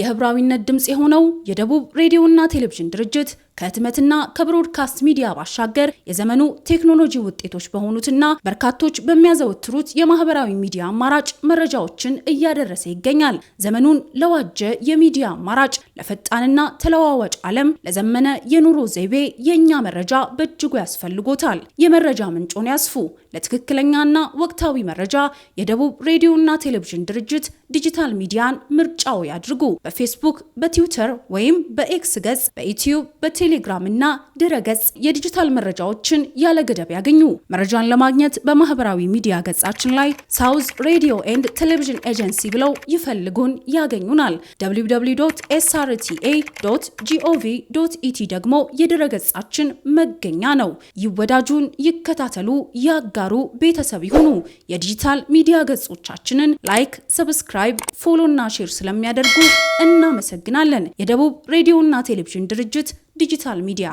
የህብራዊነት ድምፅ የሆነው የደቡብ ሬዲዮና ቴሌቪዥን ድርጅት ከህትመትና ከብሮድካስት ሚዲያ ባሻገር የዘመኑ ቴክኖሎጂ ውጤቶች በሆኑትና በርካቶች በሚያዘወትሩት የማህበራዊ ሚዲያ አማራጭ መረጃዎችን እያደረሰ ይገኛል። ዘመኑን ለዋጀ የሚዲያ አማራጭ፣ ለፈጣንና ተለዋዋጭ ዓለም፣ ለዘመነ የኑሮ ዘይቤ የእኛ መረጃ በእጅጉ ያስፈልጎታል። የመረጃ ምንጮን ያስፉ። ለትክክለኛና ወቅታዊ መረጃ የደቡብ ሬዲዮና ቴሌቪዥን ድርጅት ዲጂታል ሚዲያን ምርጫው ያድርጉ። በፌስቡክ፣ በትዊተር ወይም በኤክስ ገጽ፣ በዩትዩብ፣ በቴሌግራም እና ድረ ገጽ የዲጂታል መረጃዎችን ያለ ገደብ ያገኙ። መረጃን ለማግኘት በማህበራዊ ሚዲያ ገጻችን ላይ ሳውዝ ሬዲዮ ኤንድ ቴሌቪዥን ኤጀንሲ ብለው ይፈልጉን፣ ያገኙናል። srta gov ኢቲ ደግሞ የድረ ገጻችን መገኛ ነው። ይወዳጁን፣ ይከታተሉ፣ ያጋሩ፣ ቤተሰብ ይሁኑ። የዲጂታል ሚዲያ ገጾቻችንን ላይክ፣ ሰብስክራይብ፣ ፎሎ እና ሼር ስለሚያደርጉ እናመሰግናለን። የደቡብ ሬዲዮና ቴሌቪዥን ድርጅት ዲጂታል ሚዲያ